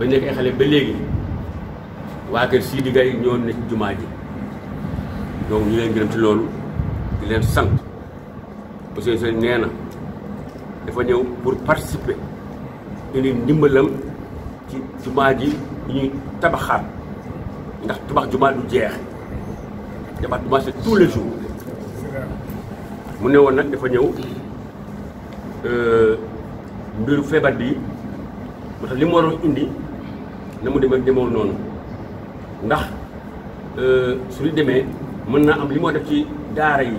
ba nekk ay xale ba léegi waa kër Sidi Gaye ñoo nekk jumaa ji donc ñu leen gërëm ci loolu di leen sant monsieur Sène nee na dafa ñëw pour participer indi ndimbalam ci jumaa ji ñu tabaxaat ndax tabax jumaa du jeex tabax jumaa c'est tous les jours mu ne woon nag dafa ñëw euh, mbiru feebar bi moo tax li mu waroon indi na mu demee demeewul noonu ndax euh, su ñu demee mën naa am li moo def ci daara yi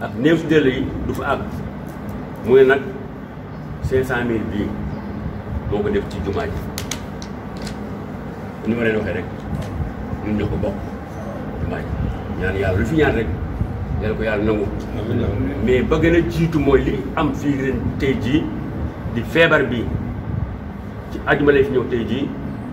ak néew si dëll yi du fa àgg mu ne nag cinq cent mille bii moo ko def ci jumaa ji ñu ma leen waxee rek ñun ñoo ko bokk jumaa ji ñaan yàlla lu fi ñaan rek yàlla ko yàlla nangu mais ba gën a jiitu mooy li am fii ren tey jii di feebar bi ci ajuma lay fi ñëw tey jii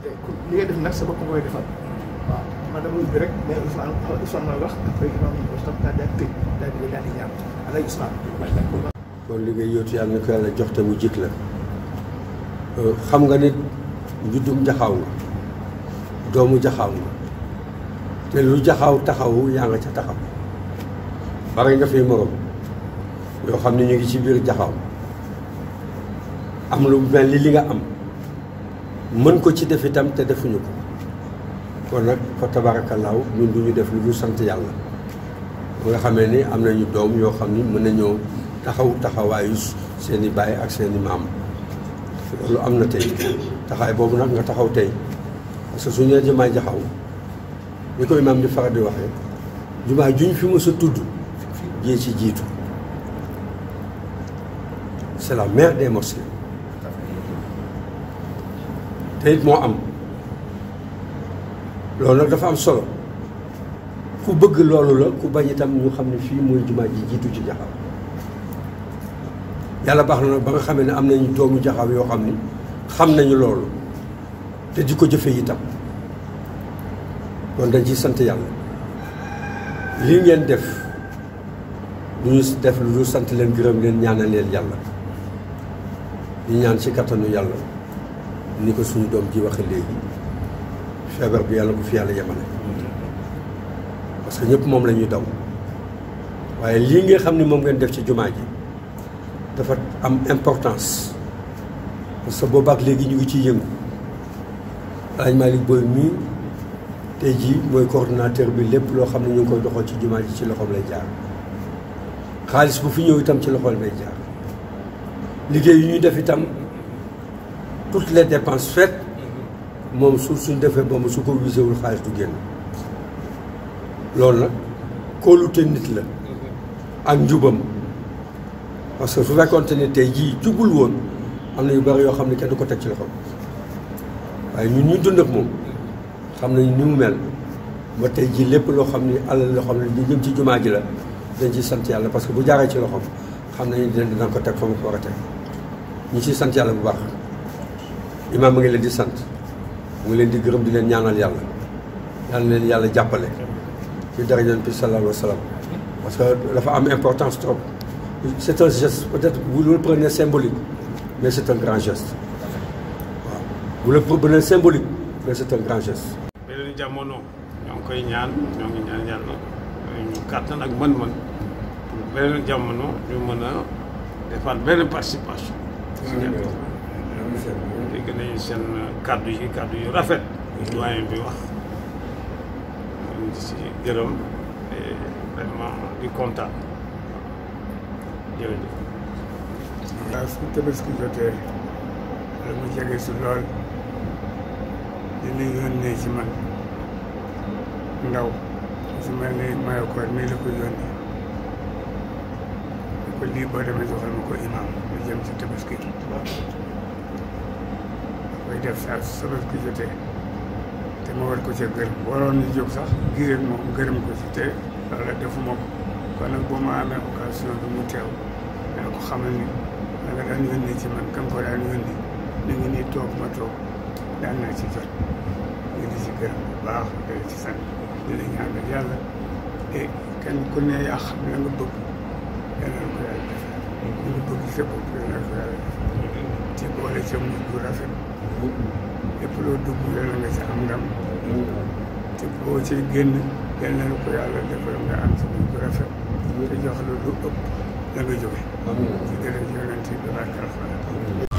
li ngay def kon li ngay yóotu yàlla na ko yàlla jox te mu jik la euh, xam nga nit juddum jaxaaw nga doomu jaxaaw nga te lu jaxaw taxawu yaa nga ca taxaw bari nga fi morom yoo xam ne ñu ngi ci biir jaxaaw am lu mel ni li nga am mën ko ci def itam te defuñu ko kon nag fa tabaarakallaahu ñun duñu def lu ñu sant yàlla ba nga xamee ni am nañu doom yoo xam ni mën nañoo taxaw taxawaayu seeni i baay ak seeni maam loolu am na tey taxawaay boobu nag nga taxaw tey parce que suñu nee jaxaw ñu koy imaam di faral di waxee jumaa juñ fi mës a tudd jee ci jiitu c'est la mère des mosquées te moo am loolu nag dafa am solo ku bëgg loolu la ku bañ itam ñu xam ne fii mooy jumaa ji jiitu ci jaxaw yàlla baax na nag ba nga xamee ne am nañu doomu jaxaw yoo xam ne xam nañu loolu te di ko jëfe jëfee itam loolu dañ ciy sant yàlla lii ngeen def lu ñu def lu sant leen gërëm leen ñaanal leen yàlla ñu ñaan ci kattanu yàlla ni ko suñu doom ji waxee léegi feebar bi yàlla ko fi yàlla yemale parce que ñëpp moom lañuy ñuy daw waaye lii nga xam ne moom ngeen def ci jumaa ji dafa am importance parce que boobaak léegi ñu ngi ciy yëngu alaaj Malick Boy mii tey jii mooy coordonnateur bi lépp loo xam ne ñu ngi koy doxal ci jumaa ji ci loxoom lay jaar xaalis bu fi ñëw itam ci loxoom lay jaar liggéey yu ñuy def itam toutes les dépense faites moom su suñ defee ba mu su ko wisewul xaalis du génn loolu nag kóolute nit la ak njubam parce que su fekkoonte ni tey jii jubul woon am na yu bari yoo xam ne kenn du ko teg ci loxo waaye ñun ñu dund ak moom xam nañ ni mu mel ma tey jii lépp loo xam ni alal loo xam ne ñu jëm ci jumaa ji la dañ ciy sant yàlla parce que bu jaaree ci loxoom xam nañu dinañ ko teg fa mu ko war a ñu ciy sant yàlla bu baax. imaam mu ngi di sant mu ngi leen di gërëm di leen ñaanal yàlla yàlla leen yàlla jàppale ci dara yonent bi sallallahu alayhi parce que dafa am importance trop c'est un geste peut-être vous le prenez symbolique mais c'est un grand geste waaw vous le prenez symbolique mais c'est un grand geste beneen jamono ñoo ngi koy ñaan ñoo ngi ñaan yàlla ñu kàttan ak mën-mën pour beneen ñu mën a defaat benn participation dégg nañu seen kàddu yi kàddu yu rafet doyen bi wax ñu si gërëm et vraiment di kontaan jërëjëf waaw su tabaski jotee dama jege si lool dina yónnee ci man ndaw su mel ne mayo koor mii la ko yónnee ko lii boo demee joxal ma ko imam lu jëm ci tabaski koy def saa sabab ki jotee te ma war ko ca gërëm waroon ñu jóg sax ngir moom gërëm ko ci te loolu defuma ko kon nag boo ma amee occasion bi teew dana ko xamal ni da nga daan yónni ci man kan ko daan yónni ni ngi nii toog ma toog daan naa ci jot ñu ngi ci gërëm bu baax dana ci sant dina ñaanal yàlla te kenn ku ne yaa xam la nga bëgg yàlla na ko yàlla defal ñu bëgg sa bopp boole ca mujj lépp loo dugg la nga ca am ndam te boo ci génn yal na ko yàlla defal nga am ci mujj bu rafet te jox la lu ëpp la nga jóge ci gërëm yonent bi barke alxuraan